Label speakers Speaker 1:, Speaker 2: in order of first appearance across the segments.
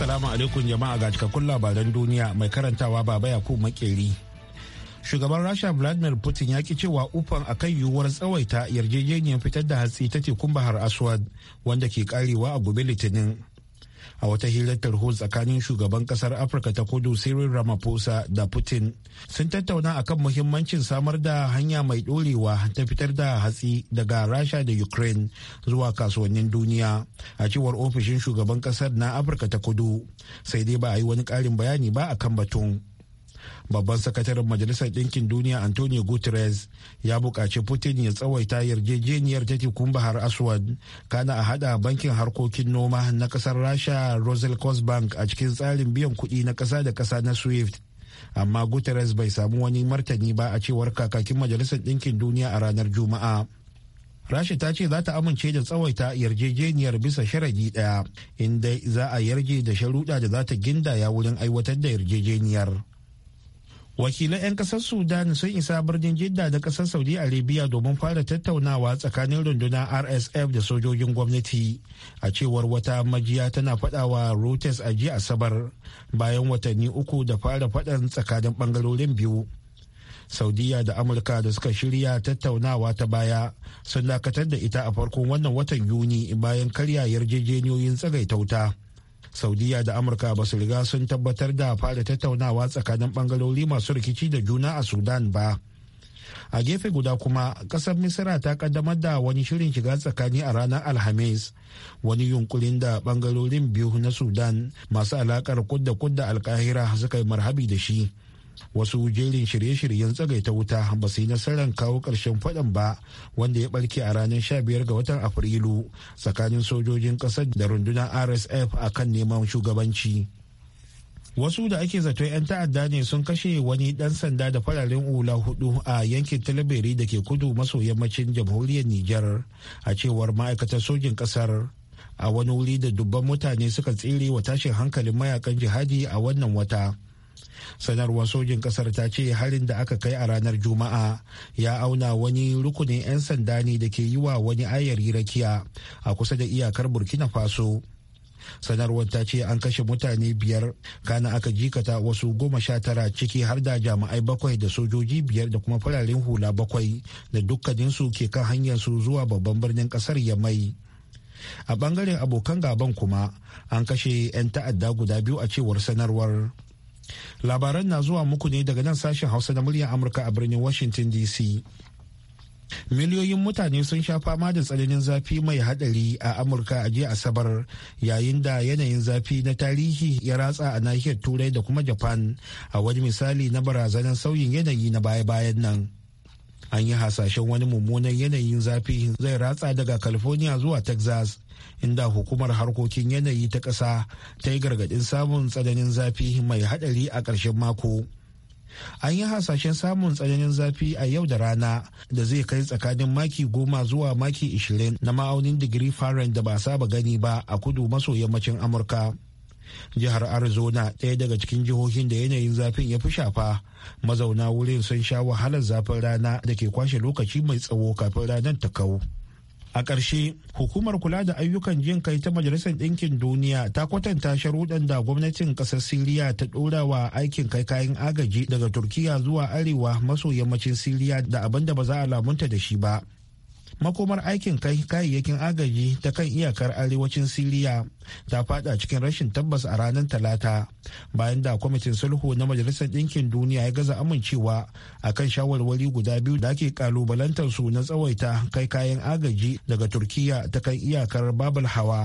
Speaker 1: Assalamu alaikum jama'a ga cikakkun labaran duniya mai karantawa baba Yakubu Makeri. Shugaban Rasha Vladimir Putin ya ki cewa ufan a kan yiwuwar tsawaita yarjejeniyar fitar da hatsi ta tekun Bahar Aswad wanda ke karewa a gobe Litinin. a wata hirar tarho tsakanin shugaban kasar afirka ta kudu cyril ramaphosa da putin sun tattauna akan muhimmancin samar da hanya mai dorewa ta fitar da hatsi daga rasha da ukraine zuwa kasuwannin duniya a cewar ofishin shugaban kasar na afirka ta kudu sai dai ba a yi wani karin bayani ba akan batun babban sakataren majalisar ɗinkin duniya antonio guterres ya buƙaci putin ya tsawaita yarjejeniyar ta tekun bahar aswad kana a hada bankin harkokin noma na ƙasar rasha rosal bank a cikin tsarin biyan kuɗi na ƙasa da ƙasa na swift amma guterres bai samu wani martani ba a cewar kakakin majalisar ɗinkin duniya a ranar juma'a rashi ta ce za ta amince da tsawaita yarjejeniyar bisa sharadi daya inda za a yarje da sharuɗa da za ta gindaya wurin aiwatar da yarjejeniyar wakilan 'yan kasar sudan sun isa birnin jidda da kasar saudi arabia domin fara tattaunawa tsakanin rundunar rsf da sojojin gwamnati a cewar wata majiya tana fadawa rotes a jiya asabar bayan watanni uku da fara fadan tsakanin bangarorin biyu saudiya da amurka da suka shirya tattaunawa ta baya sun dakatar da ita a farkon wannan watan yuni bayan karya yarjejeniyoyin tsagaitauta. wuta saudiya da amurka ba su riga sun tabbatar da fara tattaunawa tsakanin bangarori masu rikici da juna a sudan ba a gefe guda kuma kasar misira ta kaddamar da wani shirin shiga tsakani a ranar alhamis wani yunkurin da bangarorin biyu na sudan masu alakar kudda kudda alkahira suka yi marhabi da shi wasu jerin shirye-shiryen tsagaita wuta ba su yi nasarar kawo ƙarshen faɗan ba wanda ya ɓarke a ranar sha biyar ga watan afrilu tsakanin sojojin ƙasar da rundunar rsf a kan neman shugabanci wasu da ake zato 'yan ta'adda ne sun kashe wani ɗan sanda da fararen hula hudu a yankin talabiri da ke kudu maso yammacin jamhuriyar Nijar a cewar ma'aikatar sojin ƙasar a wani wuri da dubban mutane suka tsere wa tashin hankalin mayakan jihadi a wannan wata sanarwar sojin kasar ta ce harin da aka kai a ranar juma'a ya auna wani rukunin 'yan sanda ne da ke yi wa wani ayari rakiya a kusa da iyakar burkina faso sanarwar ta ce an kashe mutane biyar kana aka jikata wasu goma sha tara ciki har da jami'ai bakwai da sojoji biyar da kuma fararen hula bakwai da dukkaninsu ke kan hanyar su zuwa babban birnin kasar yamai a bangaren abokan gaban kuma an kashe 'yan ta'adda guda biyu a cewar sanarwar labaran na zuwa muku ne daga nan sashen hausa da muryar amurka a birnin washington dc miliyoyin mutane sun sha fama da tsananin zafi mai hadari a amurka a jiya asabar yayin da yanayin zafi na tarihi ya ratsa a nahiyar turai da kuma japan a wani misali na barazanar sauyin yanayi na baya-bayan nan an yi hasashen wani mummunan yanayin zafi zai ratsa daga california zuwa texas inda hukumar harkokin yanayi ta ƙasa ta yi gargaɗin samun tsananin zafi mai haɗari a ƙarshen mako. An yi hasashen samun tsananin zafi a yau da rana da zai kai tsakanin maki goma zuwa maki ishirin na ma'aunin digiri Fahrenheit da ba saba gani ba a kudu maso yammacin Amurka. Jihar Arizona ɗaya daga cikin jihohin da yanayin zafin ya fi shafa mazauna wurin sun sha wahalar zafin rana da ke kwashe lokaci mai tsawo kafin ranar ta kau. A ƙarshe, hukumar kula da ayyukan jin kai ta Majalisar Ɗinkin Duniya ta kwatanta sharuɗan da gwamnatin ƙasar Siriya ta ɗora wa aikin kai kayan agaji daga Turkiya zuwa arewa maso yammacin Siriya da abin da ba za a lamunta da shi ba. makomar aikin kai kayayyakin agaji ta kan iyakar arewacin siriya ta fada cikin rashin tabbas a ranar talata bayan da kwamitin sulhu na majalisar ɗinkin duniya ya gaza amincewa akan shawarwari guda biyu da ake kalubalantar su na tsawaita kai kayan agaji daga turkiya ta kan iyakar babal hawa.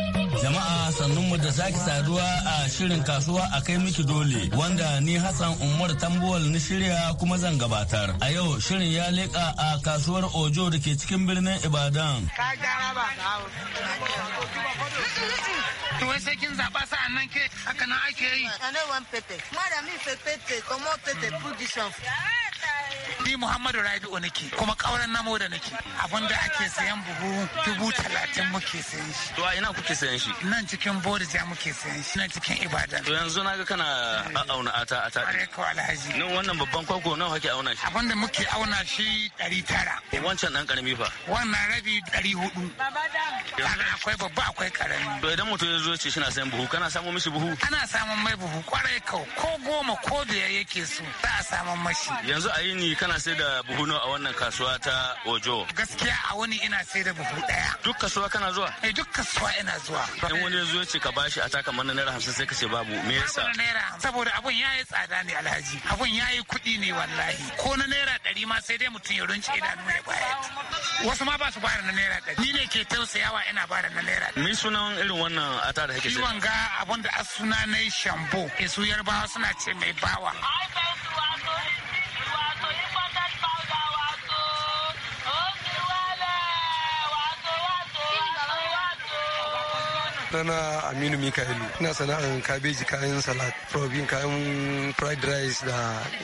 Speaker 2: Jama'a mu da sake saduwa a shirin kasuwa a kai miki dole wanda ni Hassan Umar Tambuwal ni shirya kuma zan gabatar. A yau shirin ya leka a kasuwar Ojo da ke cikin birnin Ibadan.
Speaker 3: Ka ba wai sai kin zaɓa sa nan ke haka nan ake yi. Ana wan pepe. Mara mi fe pepe, comment pepe pour ni muhammadu rabi'u nake kuma kauran namo da nake abin da ake sayan buhu dubu talatin muke sayan shi to a ina kuke sayan shi nan cikin bodija muke sayan shi nan cikin ibadan to yanzu
Speaker 2: na ga kana auna ata A kare ko alhaji nan wannan babban kwakwa nawa kake auna shi abin da muke auna shi ɗari tara eh, wancan dan karami fa
Speaker 3: wannan rabi ɗari hudu
Speaker 2: akwai babba akwai ƙarami. to idan mutum ya zo ce shi na sayan buhu kana samu mishi buhu
Speaker 3: ana samun mai buhu kwarai kau ko goma ko biyar yake so za a samun mashi yanzu a
Speaker 2: yi ni kana sai da buhuno a wannan kasuwa ta Ojo?
Speaker 3: Gaskiya a wani ina sai da buhu ɗaya. Duk kasuwa kana zuwa? Eh duk kasuwa ina zuwa.
Speaker 2: In wani ya zo ya ce ka bashi a taka mana naira hamsin sai ka ce babu me yasa?
Speaker 3: Saboda abun ya yi tsada ne alhaji. Abun ya yi kuɗi ne wallahi. Ko na naira ɗari ma sai dai mutum ya runce idanu ya bayar. Wasu ma ba su bayar na naira ɗari. Ni ne ke tausayawa ina bayar na naira
Speaker 2: ɗari. Me sunan irin wannan ata da kake Ciwon ga
Speaker 3: abun da a suna na shambo. Su yarbawa suna ce mai bawa.
Speaker 4: Rana Aminu Mikaelu. Ina sana'an kabeji kayan salad, probin kayan fried rice da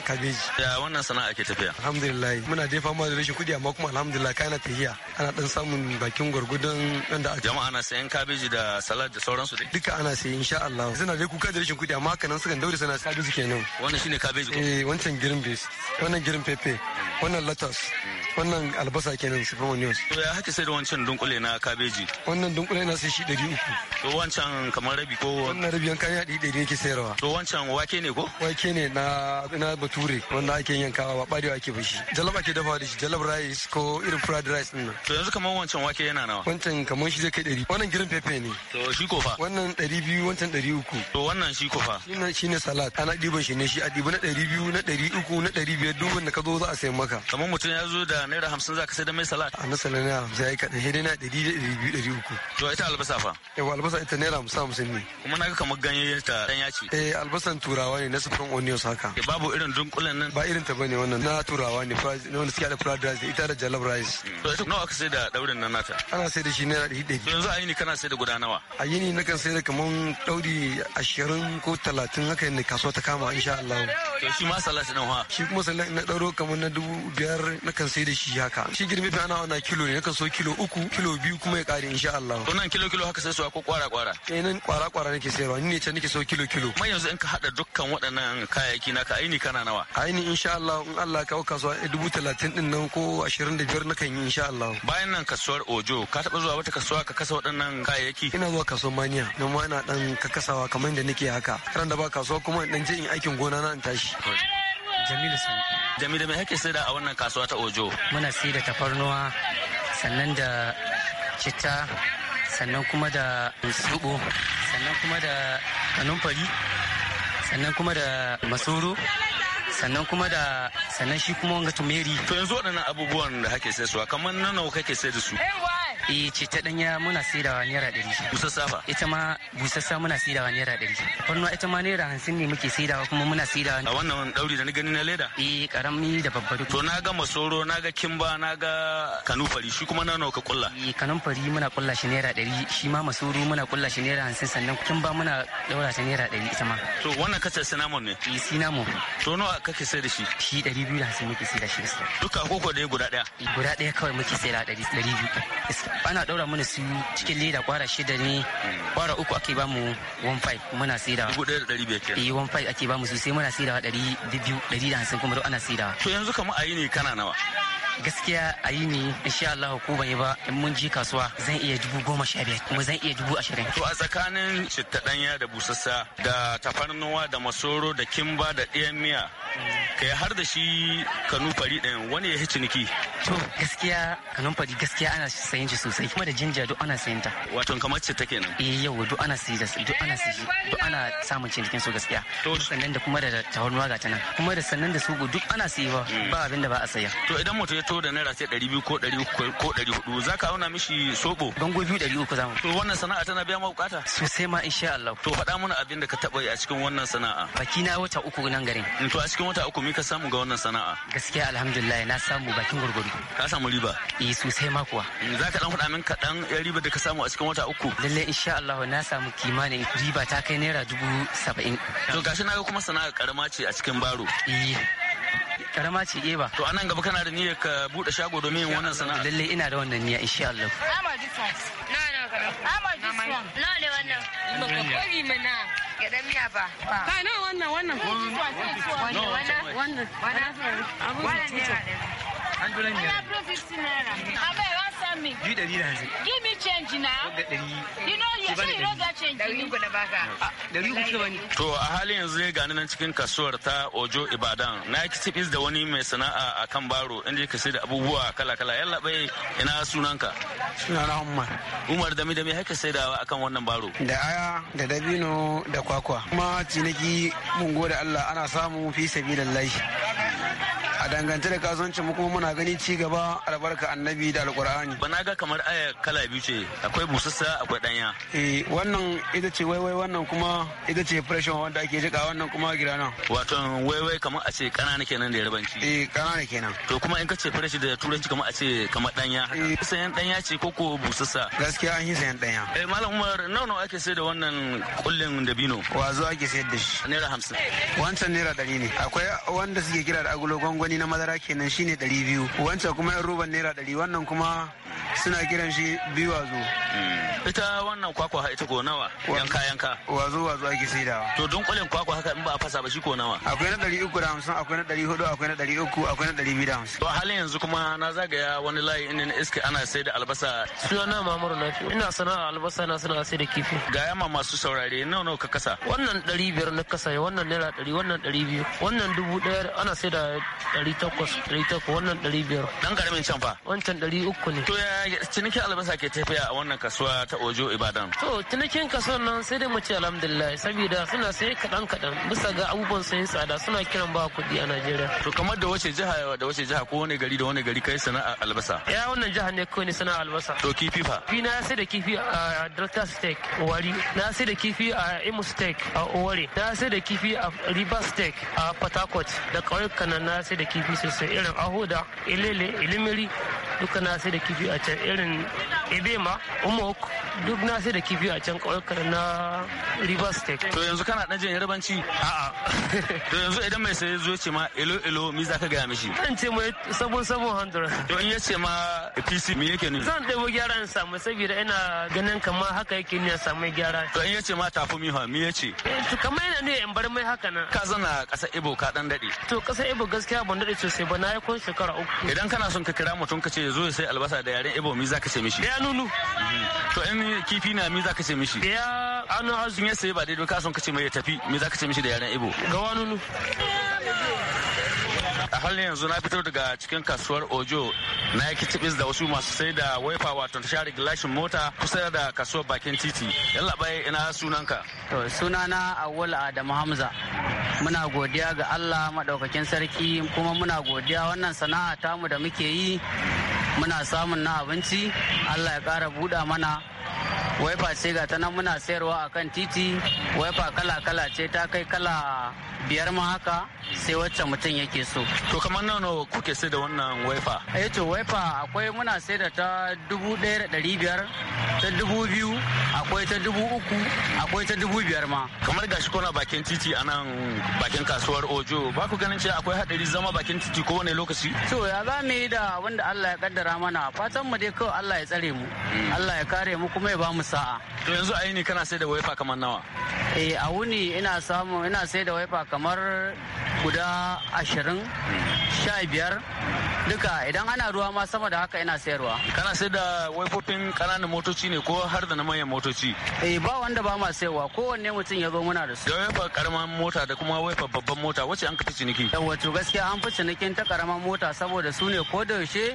Speaker 4: kabeji.
Speaker 2: Ya wannan sana'a ke tafiya?
Speaker 4: Alhamdulillah. Muna dai fama da rashin kuɗi amma kuma alhamdulillah kayan tafiya Ana dan samun bakin gurgudun wanda ake.
Speaker 2: Jama'a na sayan kabeji da salad da sauransu dai?
Speaker 4: Duka ana sayi insha Allah. Suna dai kuka da rashin kuɗi amma haka nan sukan daure sana'a. kabeji kenan. Wannan shine kabeji ko? Eh wancan green beans, wannan green pepper, wannan lettuce, wannan albasa kenan su news.
Speaker 2: To ya haka sai da wancan dunkule na kabeji?
Speaker 4: Wannan dunkule na sai shi To wancan kamar rabi ko? Wannan rabi an yaɗi ɗaya ne yake sayarwa. To wancan wake ne ko? Wake ne na na bature wanda ake yankawa ba ɓarewa ake ba shi. Jalab ake dafa da shi jalab rice ko irin fried rice ɗin nan. To yanzu kamar wancan wake yana nawa? Wancan kamar shi zai kai ɗari. Wannan girin pepe ne. To shi ko fa? Wannan ɗari biyu wancan ɗari uku. To wannan shi ko fa? Wannan Shi ne salad. Ana ɗiban shi ne shi a ɗibi na ɗari biyu na ɗari uku na ɗari biyar duk wanda ka zo za a sayi maka.
Speaker 2: Kamar mutum ya zo da naira hamsin za ka sai da mai salad.
Speaker 4: A na salad na hamsin ya yi kaɗan. Hidina ɗari da ɗari biyu ɗari uku. To
Speaker 2: ita albasa fa?
Speaker 4: Yawa albasa ita naira hamsin hamsin ne. Kuma na ga kamar ganyen ta dan yaci. Eh albasan turawa ne na sufurin onions haka. Eh, babu irin dunkulen nan. Ba irin ta bane wannan na turawa ne na wanda suke da fried rice ita da jollof rice. Mm.
Speaker 2: To ita nawa aka sai da daurin nan nata? Ana sai da shi naira ɗari ɗari. Yanzu a yini kana sai da guda nawa?
Speaker 4: A yini na kan sai da kaman dauri ashirin ko talatin haka ne kasuwa ta kama insha Allah.
Speaker 2: To shi ma salati nan wa?
Speaker 4: Shi kuma salati na dauro kaman na dubu biyar na kan sai da shi haka. Shi girbi ana wana kilo ne na kan so kilo uku kilo biyu kuma ya kare insha Allah. To
Speaker 2: nan kilo kilo haka sai su ko kwara-kwara. Eh nan kwara-kwara nake sayarwa ni
Speaker 4: ne can nake so kilo-kilo. Mai
Speaker 2: yanzu in ka hada dukkan waɗannan kayayyaki naka aini kana nawa?
Speaker 4: Aini insha Allah in Allah ka kasuwa eh, dubu talatin ɗin nan ko ashirin da biyar nakan yi insha Allah.
Speaker 2: Bayan nan kasuwar Ojo ka taɓa zuwa wata kasuwa ka kasa
Speaker 4: waɗannan kayayyaki? Ina zuwa kasuwar Maniya don ma ina ɗan kakasawa kamar inda nake haka. Ran da ba kasuwa kuma in je in aikin gona na in tashi.
Speaker 2: Jamilu Sani. Jamilu me kake da a wannan kasuwa ta Ojo?
Speaker 4: Muna da tafarnuwa sannan da citta
Speaker 5: sannan kuma da suɓo sannan kuma da kanunfari sannan kuma da masoro sannan kuma da sannan shi kuma wanga tumeri to
Speaker 2: yanzu waɗannan abubuwan da kake sai su kamar nan nawa kake sai da su
Speaker 5: eh ce ta danya muna saidawa naira ɗari busassa safa. ita ma busassa muna saidawa naira ɗari farnuwa ita ma naira hamsin ne muke saidawa kuma muna saidawa a wannan
Speaker 2: ɗauri da na gani na leda eh karami da babbar to na ga masoro na ga kimba na ga kanufari shi kuma na nawa ka kulla
Speaker 5: eh kanufari muna kulla shi naira ɗari shi ma masoro muna kulla shi naira hamsin sannan kimba muna daura shi naira ɗari ita ma
Speaker 2: to wannan kace sinamon ne eh sinamon to nawa kake sai da shi shi ɗari biyu da hamsin muke sai da shi duka koko da guda ɗaya
Speaker 5: eh, guda ɗaya kawai muke sai da ɗari biyu ana daura mana su cikin leda kwara shida ne kwara uku ake ba mu 15 muna da. dubu ɗaya
Speaker 2: da ɗari biyar kenan eh
Speaker 5: 15 ake ba mu su sai muna saidawa ɗari biyu ɗari da hamsin kuma duk ana da
Speaker 2: to yanzu kamar ayi ne kana
Speaker 5: nawa gaskiya a yi ne insha Allah ko bai ba in mun je kasuwa zan iya dubu goma sha biyar kuma zan iya dubu ashirin.
Speaker 2: To a tsakanin citta ɗanya da busassa da tafarnuwa da masoro da kimba da ɗiyan miya kai har da shi kanu fari ɗin wani ya ciniki. To
Speaker 5: gaskiya kanun fari gaskiya ana sayan shi sosai kuma da jinja duk ana sayan ta.
Speaker 2: Wato kamar citta kenan.
Speaker 5: Eh yau duk ana sayi duk ana sayi duk ana samun cinikin su gaskiya. To sannan da kuma da tafarnuwa ga ta nan kuma da sannan da su duk ana sayi hmm. ba abin da ba a saya.
Speaker 2: To idan mutum ya fito da naira sai ɗari biyu ko ɗari uku ko ɗari hudu za ka auna mishi soɓo. Bango biyu ɗari uku zamu. To wannan sana'a tana biya ma bukata? Sosai ma insha Allah. To faɗa mana abin da ka taɓa yi a cikin wannan sana'a.
Speaker 5: Baki na wata uku nan garin.
Speaker 2: Mm, to a cikin wata uku me ka samu ga wannan sana'a?
Speaker 5: Gaskiya alhamdulillah na
Speaker 2: samu bakin gurgurdu. Ka samu riba? Eh sosai ma kuwa. Mm, za ka ɗan faɗa min kaɗan ɗan riba da ka samu a cikin wata
Speaker 5: uku? Lallai insha Allah na samu kimanin riba ta kai naira dubu saba'in. To gashi
Speaker 2: na ga kuma sana'a karama ce a cikin baro. Eh. karama ce eba to anan gaba kana da niyyar ka bude shago domin yin wannan sana'a lalle
Speaker 5: ina da wannan niyya insha Allah
Speaker 3: ama this one na
Speaker 5: no ama this one ne wannan makakori mana gadan miya ba ka na wannan wannan wannan wannan
Speaker 6: wannan wannan wannan
Speaker 3: ne 150 naira abai To a
Speaker 2: halin yanzu ne gani nan cikin kasuwar ta Ojo Ibadan. Na yi kicifis da wani mai sana'a a kan baro inda ka sai da abubuwa kala-kala. Yalla bai ina sunanka? Sunana Umar. Umar dami dami haka sai da a kan wannan baro. Da
Speaker 4: aya da dabino da kwakwa. Kuma ciniki mun gode Allah ana samu fi sabilillahi. a dangance da kasuwancin mu kuma muna gani ci gaba albarka annabi da alkur'ani
Speaker 2: bana ga kamar aya kala biyu ce akwai busassa akwai danya
Speaker 4: eh wannan ita ce waiwai wannan kuma ita ce fresh wanda ake jika wannan kuma girana
Speaker 2: wato waiwai kamar a ce kanana kenan da yarbanci
Speaker 4: eh kanana kenan
Speaker 2: to kuma in ka ce fresh da turanci kamar a ce kamar danya eh. sayan danya ce ko ko busassa
Speaker 4: gaskiya an yi sayan danya
Speaker 2: eh malam umar nawa nawa ake sai da wannan kullin da bino zo ake sayar da shi naira
Speaker 7: 50
Speaker 4: wancan naira 100 ne akwai wanda suke kira da agulo gwangwani na madara kenan shine ɗari biyu wancan kuma yan roban naira ɗari wannan kuma suna kiran shi biyu wazo. Hmm. ita wannan kwakwa ita ko nawa yanka yanka wazo wazo ake saidawa to don kulin kwakwa
Speaker 2: haka in ba a fasa ba shi ko nawa
Speaker 4: akwai na ɗari uku da hamsin akwai na ɗari hudu akwai na ɗari uku akwai na ɗari biyu da hamsin. to halin
Speaker 2: yanzu kuma na zagaya wani layi in na iske ana sai da albasa.
Speaker 4: na mamuru fi ina
Speaker 2: sana'a albasa na sana'a sai da kifi. ga yamma masu saurare nawa nawa ka kasa.
Speaker 8: wannan ɗari biyar na kasa wannan naira ɗari wannan ɗari biyu wannan dubu ɗaya ana sai da dari takwas dari takwas wannan
Speaker 2: dari biyar. Dan karamin can fa? Wancan dari uku ne. To ya cinikin albasa ke tafiya a wannan kasuwa ta Ojo Ibadan?
Speaker 8: To cinikin kasuwan nan sai dai mu ce alhamdulillah saboda suna sai kaɗan kaɗan bisa ga abubuwan sai tsada suna kiran ba kuɗi a Najeriya.
Speaker 2: To kamar da wace jiha da wace jiha ko wani gari da wani gari kai sana'a albasa?
Speaker 8: Ya wannan jiha ne kawai ne sana'a albasa. To kifi fa? Kifi na sai da kifi a Delta Steak Wari. Na sai da kifi a Imo Steak a Owari. Na sai da kifi a River Steak a Port Harcourt. Da kawai nan na sai da kifi kifi sosai irin ahuda ilele ilimiri duka na sai da kifi a can irin ebema umok duk na sai da kifi a can kawai na river state to yanzu kana dan jin yarbanci
Speaker 2: a'a to yanzu idan mai sai zo ce ma elo elo mi za ka gaya mishi zan ce mai sabon sabon hundred to in ya ce ma pc mi yake ne zan
Speaker 8: ɗebo gyara in samu saboda ina ganin kamar haka yake ne samu gyara
Speaker 2: to in ya ce ma tafi mi ha mi ya ce
Speaker 8: eh, to kamar yana ne in bar mai haka nan
Speaker 2: ka zana ƙasar ibo ka dan daɗe
Speaker 8: to ƙasar ibo gaskiya ban daɗe sosai ba na yi kun shekara uku idan kana
Speaker 2: son ka kira mutum ka ce zo ya sai albasa da yaren ibo mi za ka ce mishi
Speaker 4: nunu mm.
Speaker 2: to in kifi na mi zaka ce mishi ya anu azun ya sai ba daidai ka son ka ce mai ya tafi mi zaka ce mishi da yaren ibo gawa nunu a halin yanzu na fito daga cikin kasuwar ojo na yi kitibis da wasu masu sai da waifa wato ta share gilashin mota kusa da kasuwar bakin titi
Speaker 6: yalla bai ina sunanka to sunana Awul adamu hamza muna godiya ga allah madaukakin sarki kuma muna godiya wannan sana'a tamu da muke yi muna samun na abinci allah ya kara buɗa mana waifa ce ga ta nan muna sayarwa akan kan titi waifa kala-kala ce ta kai kala biyar ma haka sai wacce mutum yake so to kamar nawa nawa kuke sai da wannan waifa yi eh to waifa akwai muna sai da ta dubu ɗaya da ɗari biyar ta dubu biyu akwai ta dubu uku akwai ta dubu biyar ma kamar gashi kona bakin titi a nan
Speaker 2: bakin kasuwar ojo ba ku ganin cewa akwai haɗari zama bakin titi ko wani lokaci
Speaker 6: to ya za mu yi da wanda Allah ya kaddara mana fatan mu dai kawai Allah ya tsare mu hmm. Allah ya kare mu kuma ya ba mu sa'a
Speaker 2: to yanzu a ni kana sai da waifa kamar nawa
Speaker 6: eh a wuni ina samu ina sai da waifa kamar kamar guda ashirin sha biyar duka idan ana ruwa ma sama da haka ina sayarwa kana sai da waifofin ƙananan motoci ne ko har da na manyan motoci eh ba wanda ba ma sayarwa kowanne mutum ya zo muna da su da waifa karaman mota da kuma waifa babban mota wacce an fi ciniki yawa to gaskiya an fi cinikin ta karaman mota saboda su ne ko da yaushe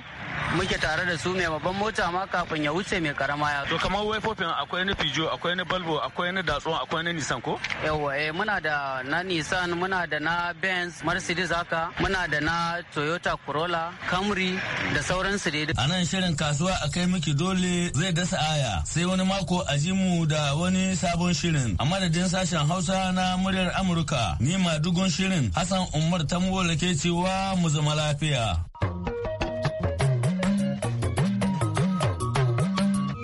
Speaker 6: muke tare da su mai babban mota ma kafin ya wuce mai karama ya to kamar waifofin
Speaker 2: akwai na fijo akwai na balbo akwai na datsuwa akwai na nisan ko
Speaker 6: yawa eh muna da na nisan muna da na benz mercedes haka muna da na toyota corolla camry da su dai a nan shirin kasuwa
Speaker 2: a kai miki dole zai dasa aya sai wani mako a ji mu da wani sabon shirin a madadin sashen hausa na muryar amurka ni madugun shirin hassan umar ta ke cewa mu zama lafiya.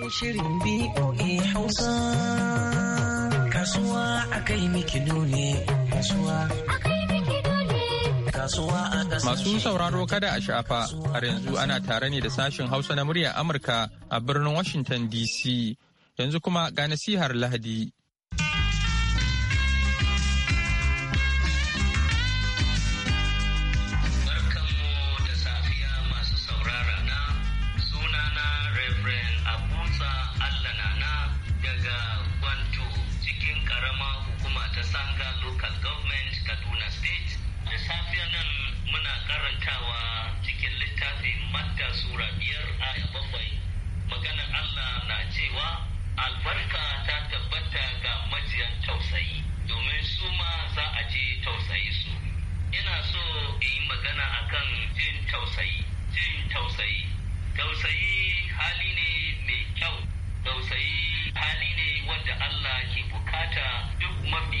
Speaker 7: shirin BOA Hausa. Kasuwa a kai
Speaker 8: kasuwa. Masu sauraro
Speaker 9: kada a shafa, har yanzu ana tare ne da sashen Hausa na muryar Amurka a birnin Washington DC. Yanzu kuma ga nasihar Lahadi.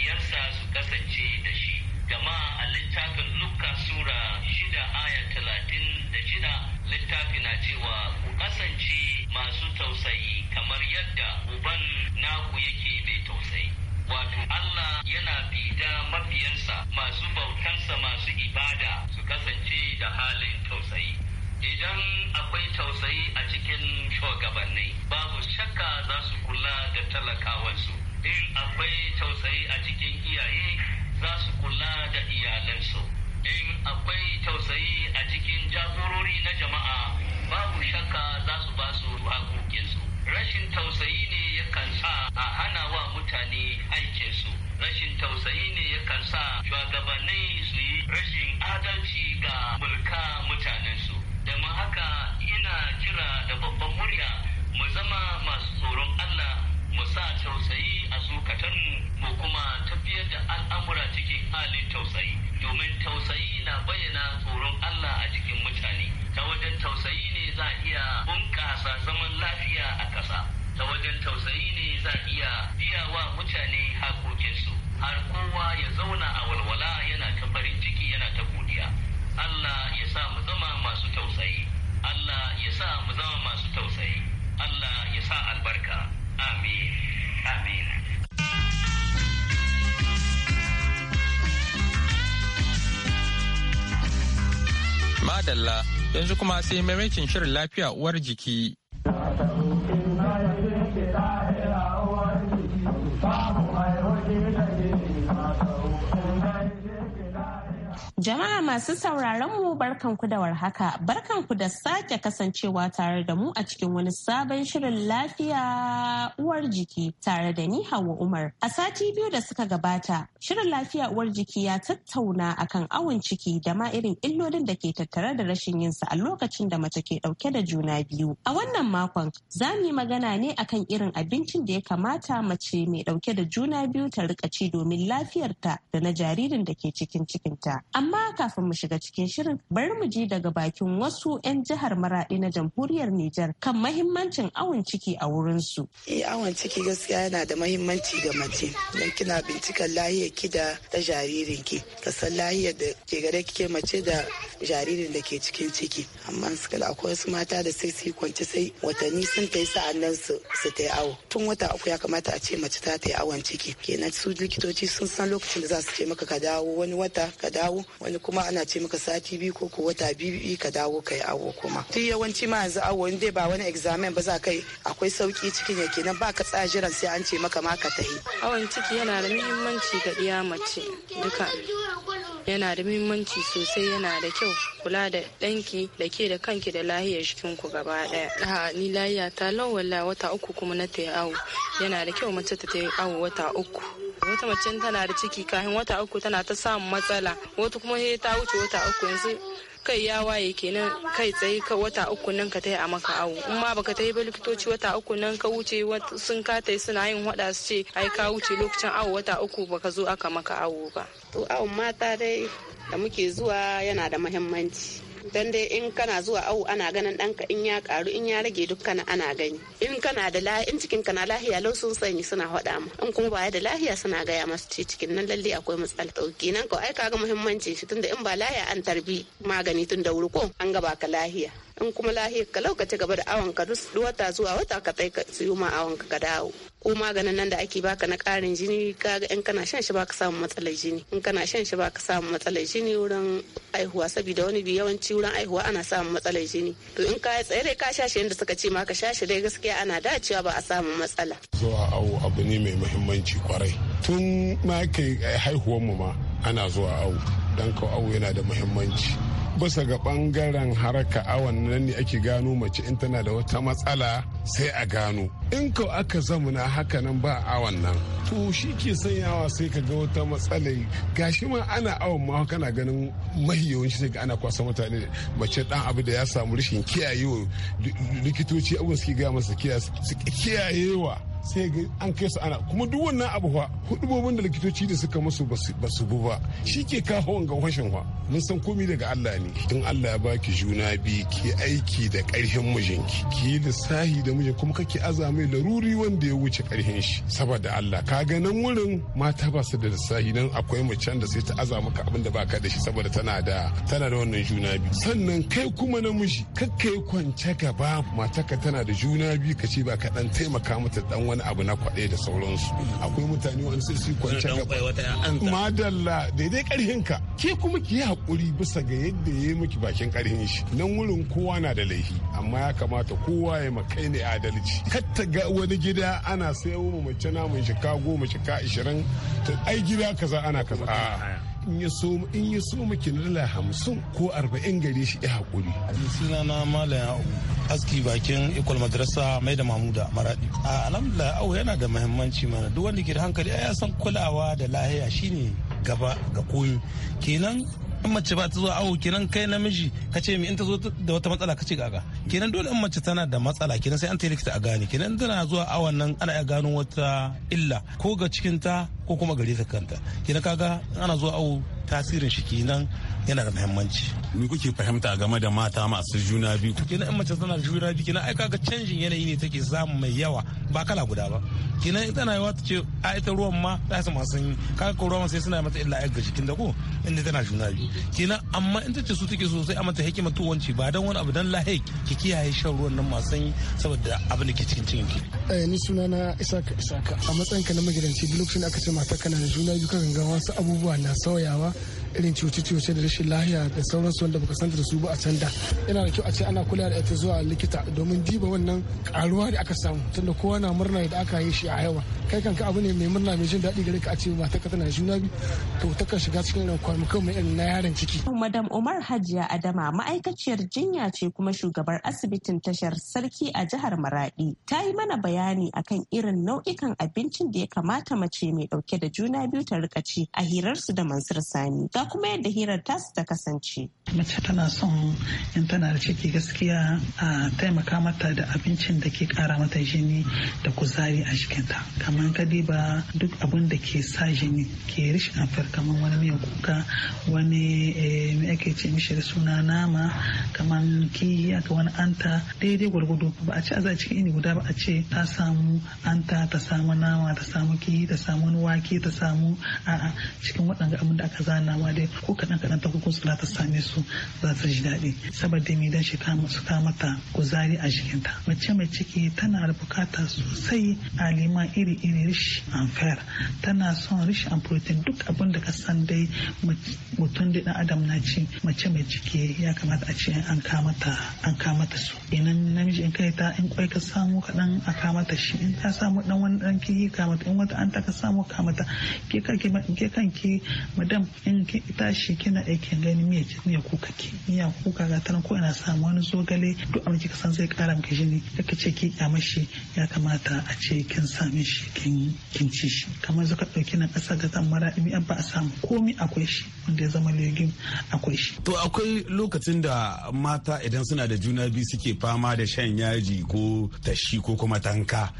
Speaker 10: mabiyansa su kasance da shi gama a littafin Luka Sura shida aya talatin da shida littafi na cewa ku kasance masu tausayi kamar yadda uban naku yake mai tausayi. Wato Allah yana fida mabiyansa masu bautansa masu ibada su kasance da halin tausayi. Idan akwai tausayi a cikin shugabanni babu shakka za su kula da talakawansu. in akwai tausayi a cikin iyaye za su kula da iyalansu in akwai tausayi a cikin jagorori na jama'a babu shakka za su ba su hakokinsu rashin tausayi ne yakan sa a hana wa mutane aikinsu rashin tausayi ne yakan sa shugabanni su yi rashin adalci ga mulka mutanensu da mu haka ina kira da babban murya mu zama masu tsoron mu sa tausayi a zukatanmu mu kuma tafiyar da al'amura cikin halin tausayi domin tausayi na bayyana tsoron Allah a cikin mutane ta wajen tausayi ne za a iya bunƙasa zaman lafiya a ƙasa ta wajen tausayi ne za a iya wa mutane hakokinsu har kowa ya zauna a walwala yana ta farin ciki yana ta godiya Allah ya sa mu zama masu tausayi Allah ya sa mu zama masu tausayi Allah ya sa albarka. Amin.
Speaker 9: Madalla yanzu kuma sai maimakin shirin lafiya uwar jiki.
Speaker 7: Jama'a masu sauraron mu barkanku da warhaka, barkanku da sake kasancewa tare da mu a cikin wani sabon shirin lafiya uwar jiki tare da ni Hauwa Umar. A sati biyu da suka gabata, shirin lafiya uwar jiki ya tattauna akan awon ciki da ma irin illolin da ke tattare da rashin yin sa a lokacin da mace ke dauke da juna biyu. A wannan makon, za mu yi magana ne akan irin abincin da ya kamata mace mai dauke da juna biyu ta rika ci domin lafiyarta da na jaririn da ke cikin cikinta. Amma kafin mu shiga cikin shirin bari mu ji daga bakin wasu 'yan jihar Maraɗi na jamhuriyar Nijar kan mahimmancin awon ciki a wurinsu. Eh awon
Speaker 8: ciki gaskiya yana da mahimmanci ga mace don kina bincikan lahiyar ki da ta jaririn ki ka san lahiyar da ke gare kike mace da jaririn da ke cikin ciki amma akwai wasu mata da sai su kwance sai watanni sun ta yi sa'an nan su ta yi awo tun wata uku ya kamata a ce mace ta ta yi awon ciki kenan su likitoci sun san lokacin da za su ce maka ka dawo wani wata ka dawo wani kuma ana ce maka sati biyu ko ko wata biyu ka dawo ka yi awo kuma tun yawanci ma yanzu awo in dai ba wani examen ba za ka yi akwai sauki cikin ya kenan ba ka tsaya jiran sai an ce maka ma ka tahi
Speaker 5: awon ciki yana da muhimmanci ga iya mace duka yana da muhimmanci sosai yana da kyau kula da ɗanki da ke da kanki da lahiyar ku gaba ɗaya ha ni lahiya ta lawala wata uku kuma na ta awo yana da kyau mace ta ta awo wata uku wata mace tana da ciki kafin wata uku tana ta samun matsala wata kuma sai ta wuce wata uku yanzu kai ya waye kenan kai tsaye ka wata uku nan ka tai a maka awo in ma baka tai ba likitoci wata uku nan ka wuce sun ka tai suna yin hada su ce ai ka wuce lokacin awo wata uku baka zo aka maka awo ba
Speaker 7: to awon mata dai da muke zuwa yana da muhimmanci dan dai in kana zuwa awu ana ganin ɗanka in ya karu in ya rage dukkan ana gani in kana da lahiya in cikin kana lahiya lau sun sanyi suna faɗa ma in kuma baya da lahiya suna gaya masu cicikin cikin nan lalle akwai matsala to nan ko ai kaga muhimmanci shi tunda in ba lahiya an tarbi magani tun da wuri ko an gaba ka lahiya in kuma lahiyar ka ka ci gaba da awon ka duk wata zuwa wata ka tsaye ka siyo ma awon ka dawo ko maganin nan da ake baka na karin jini kaga in kana shan shi baka samu matsalar jini in kana shan shi baka samu matsalar jini wurin aihuwa saboda wani bi yawanci wurin aihuwa ana samun matsalar jini to in ka tsaye dai ka sha shi yadda suka ce ma ka sha shi dai gaskiya ana dacewa ba a samu matsala
Speaker 11: zuwa awo abu ne mai muhimmanci kwarai tun ma kai haihuwar mu ma ana zuwa awo dan ka awo yana da muhimmanci bisa ga bangaren haraka awan nan ne ake gano mace in tana da wata matsala sai a gano in ka aka zamana haka nan ba awan nan to shi ke sanyawa sai ka ga wata matsala gashi ma ana awon ma kana ganin yawanci sai ga ana kwasa mutane mace dan abu da ya samu rashin kiyayewa likitoci abubuwan suke gaya masa kiyayewa sai ga an kai su ana kuma duk wannan abu fa hudubobin da likitoci da suka musu ba su bu ba shi ke kawo ga washin fa mun san komi daga Allah ne tun Allah ya baki juna biyu ki aiki da karhin mijinki ki da sahi da mijin kuma kake aza mai laruri wanda ya wuce karhin shi saboda Allah ka ga nan wurin mata ba su da sahi nan akwai macen da sai ta aza maka abin da baka da shi saboda tana da tana da wannan juna biyu sannan kai kuma namiji kakkai kwance gaba mataka tana da juna biyu ka ce ba ka dan taimaka mata dan wani wani abu na kwaɗe da sauransu akwai mutane wani sai su kwanci gaba madalla daidai karhin ka ke kuma ki yi hakuri bisa ga yadda ya yi miki bakin karhin shi nan wurin kowa na da laifi amma ya kamata kowa ya makai ne adalci Kar ta ga wani gida ana sayo mu mace mai shika goma shika ashirin ta ai gida kaza ana kaza in ya so in ya so miki dala hamsin ko arba'in gare shi ya haƙuri. sunana
Speaker 2: malam aski bakin ikwal madrasa mai da mamuda maradi a alhamdulillah awo yana da mahimmanci mana duk wanda ke da hankali ya san kulawa da lahiya shine gaba ga koyi kenan in mace ba ta zo awo kenan kai namiji ka ce in ta zo da wata matsala ka ce gaga kenan dole in mace tana da matsala kenan sai an ta likita a gane kenan tana zuwa awon nan ana iya gano wata illa ko ga cikin ta ko kuma gare ta kanta kina kaga ana zuwa awo tasirin shi kenan yana da muhimmanci
Speaker 11: ni kuke fahimta game da mata masu juna
Speaker 2: biyu Kina in mace tana da juna biyu kina ai kaga canjin yanayi ne take samu mai yawa ba kala guda ba kina in tana yawa tace a ita ruwan ma ta su masu yi kaga ko ruwan sai suna mata illa ai ga jikin da ko inda tana juna biyu kina amma in tace su take so sai a mata hikima tuwanci ba dan wani abu dan lahi ki kiyaye shan ruwan nan masu yi saboda abin da ke cikin cikin ki
Speaker 3: eh ni sunana
Speaker 8: isaka isaka a matsayin ka na magidanci duk lokacin da aka ce mata kana da juna biyu kan ga wasu abubuwa na sauyawa irin cuce-cuce da rashin lahiya da sauransu wanda baka san da su ba a can yana da kyau a ce ana kula da ita zuwa likita domin diba wannan karuwa da aka samu tunda kowa na murna da aka yi
Speaker 7: shi a yawa kai kanka abu ne mai murna mai jin daɗi gare ka a ce mata ka tana juna biyu to ta shiga cikin irin kwamukan mai irin na yaron ciki. madam umar hajiya adama ma'aikaciyar jinya ce kuma shugabar asibitin tashar sarki a jihar maraɗi ta yi mana bayani akan irin nau'ikan abincin da ya kamata mace mai ɗauke da juna biyu ta rika ci a hirarsu da mansur sani ga kuma yadda hirar tasu ta kasance.
Speaker 12: Mace tana son in tana da ciki gaskiya a taimaka mata da abincin da ke kara mata jini da kuzari a jikinta. Kamar ka ba duk abin da ke sa jini ke rishin afir kamar wani miyan kuka wani eh, me ake ce mishi da suna nama kamar ki aka wani anta daidai gwargwado ba a ce a za cikin ini guda ba a ce ta samu anta ta samu nama ta samu ki ta samu wani wake ta samu a cikin waɗanda abin da aka zana amma dai ko kaɗan kaɗan ta kuku za ta same su za ta ji daɗi saboda mi dan shi su ta mata kuzari a jikinta mace mai ciki tana da bukata sosai a liman iri iri rish amfer tana son rish an protein duk abin da ka san dai mutum da adam na ci mace mai ciki ya kamata a ce an kamata an kamata su inan namiji in kai ta in kwai ka samu kaɗan a kamata shi in ta samu dan wani dan ki kamata in wata an ta ka samu kamata ke kanki madam in ki ita ki kina aikin gani miya miya kuka ki miya kuka ga ko ina samu wani zogale duk abin kika san zai kara maka jini kika ce ki ya mashi ya kamata a ce kin same shi kin kin ci shi kamar zaka dauki nan kasa ga zan mara an ba a samu komai akwai shi wanda ya zama legume
Speaker 1: akwai shi to akwai lokacin da mata idan suna da juna biyu suke fama da shan yaji ko shi ko kuma tanka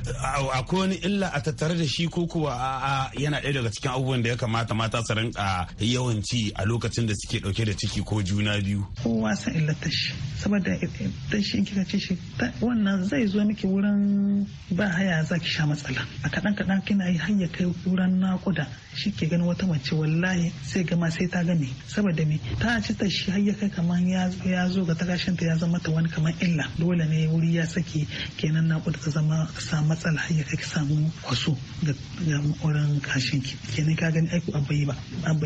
Speaker 1: akwai wani illa a tattare da shi ko kuwa yana ɗaya daga cikin abubuwan da ya kamata mata su rinka yawan
Speaker 12: ci a lokacin da suke dauke da ciki ko juna biyu kowa san illa shi saboda dan shi kika ce shi wannan zai zo miki wurin ba haya za ki sha matsala a kaɗan kaɗan kina yi hanya kai wurin nakuda shi ke gani wata mace wallahi sai gama sai ta gane saboda me ta ci ta shi ya kai kamar ya zo ga takashin ta ya zama ta wani kamar illa dole ne wuri ya saki kenan nakuda ta zama sa matsala hanya kai ka samu kwaso ga wurin kashin ki kenan ka gani aiki abai ba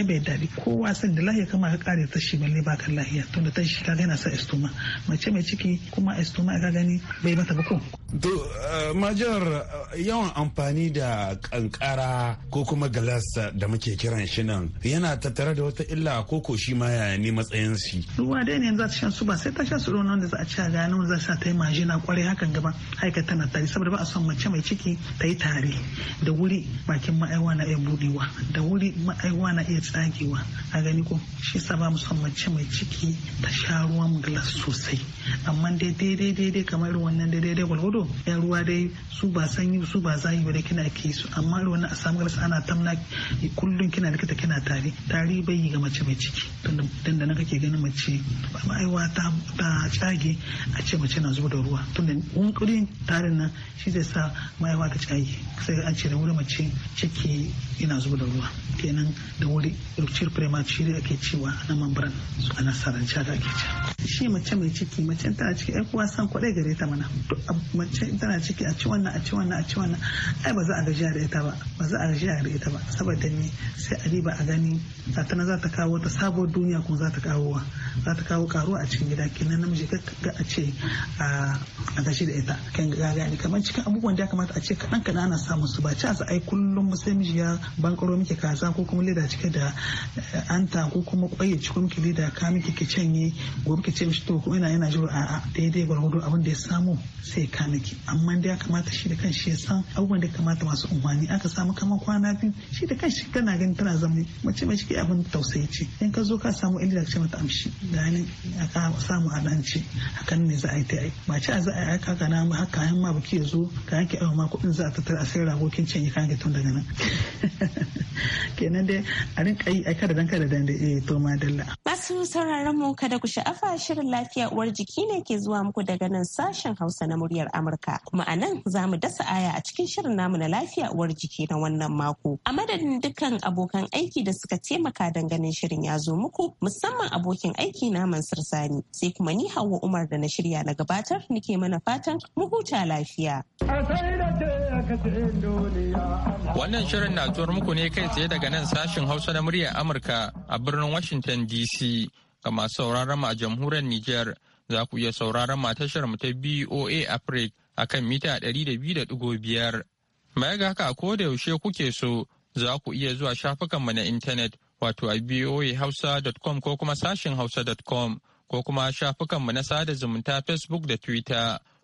Speaker 12: ai bai daɗi kowa san da lahiya kama ka kare ta shi balle ba kan lahiya to da ta shi ka gana sa estoma mace mai ciki kuma estoma ka gani bai mata ba ko.
Speaker 1: to eh, majar yawan amfani da kankara ko kuma galas da muke kiran shi nan yana tattare da wata illa ko ko shi ma ya ne matsayin shi.
Speaker 12: ruwa dai ne za ta shan su ba sai ta sha su ruwan da za a ci a gano za ta yi majina kwarai hakan gaba haika tana tari saboda ba a son mace mai ciki ta yi tari da wuri bakin ma'aiwa na iya budewa da wuri ma'aiwa na iya tsagewa a gani ko shi sa ba mu son mace mai ciki ta sha ruwan glass sosai amma dai daidai daidai kamar wannan daidai daidai gwalgwado ya ruwa dai su ba sanyi su ba zahi ba da kina ke su amma ruwan a samu glass ana tamna kullum kina likita kina tari tari bai yi ga mace mai ciki tun da na kake ganin mace ba ma'aiwa ta tsage a ce mace na zuba da ruwa tun da hunkurin tarin nan shi zai sa ma'aiwa ta tsage sai an ce da wuri mace ciki yana zuba da ruwa kenan da wuri rupture premature ake cewa na membran su a nasarance da ake cewa shi mace mai ciki mace tana ciki ai kuwa san kwaɗai gare ta mana mace tana ciki a ci wannan a ci wannan a ci wannan ai ba za a gajiya da ita ba ba za a gajiya da ita ba saboda ni sai a riba a gani ta za ta kawo ta sabuwar duniya kuma za ta kawo za ta kawo karuwa a cikin gida kenan namiji ga a ce a gashi da ita kan ga gani kamar cikin abubuwan da ya kamata a ce kaɗan kaɗan ana samun su ba ci a ai kullum sai miji ya bankaro miki kaza ko kuma leda cike da anta ko kuma kwai ya ci ko miki leda ka ki canye gobe ki ce mishi to ko yana yana jiro a daidai gwargwado abin da ya samu sai ka miki amma da ya kamata shi da shi ya san abubuwan da ya kamata masu umarni aka samu kamar kwana biyu shi da shi kana ganin tana zama mace mace ke abin tausayi ce in ka zo ka samu da ka ce mata amshi ni a samu a danci hakan ne za a yi ta yi ba ci a za a yi haka na haka yan ma baki ya zo ka yanke awa ma kuɗin za a tattara a sai rago kin canye ka yanke tun daga nan kenan dai rinka yi a kada dan kada dan da eh to madalla
Speaker 7: masu sauraron mu kada ku sha'afa shirin lafiya uwar jiki ne ke zuwa muku daga nan sashen Hausa na muryar Amurka kuma a nan za mu dasa aya a cikin shirin namu na lafiya uwar jiki na wannan mako a madadin dukkan abokan aiki da suka taimaka dan ganin shirin ya zo muku musamman abokin aiki na Mansur Sani sai kuma ni Hauwa Umar da na shirya na gabatar nike mana fatan mu huta lafiya a sai da
Speaker 9: Wannan shirin na zuwar muku ne kai tsaye daga nan sashin Hausa na muryar Amurka a birnin Washington DC ga masu sauraron mu a jamhuriyar Nijar za ku iya sauraron mu a tashar mu ta BOA Africa a kan mita 200.5. Baya ga haka ko da yaushe kuke so za ku iya zuwa shafukan mu na intanet wato a boahausa.com ko kuma sashin hausa.com ko kuma shafukan mu na sada zumunta Facebook da Twitter.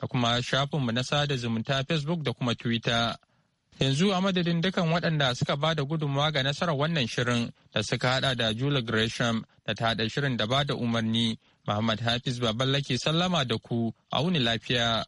Speaker 9: da kuma mu na sada zumunta Facebook da kuma Twitter. Yanzu a madadin dukan waɗanda suka ba da gudunmawa ga nasarar wannan shirin da suka haɗa da jula Gresham da ta haɗa shirin da ba da umarni, Muhammad Hafiz Baballake sallama da ku, auni lafiya.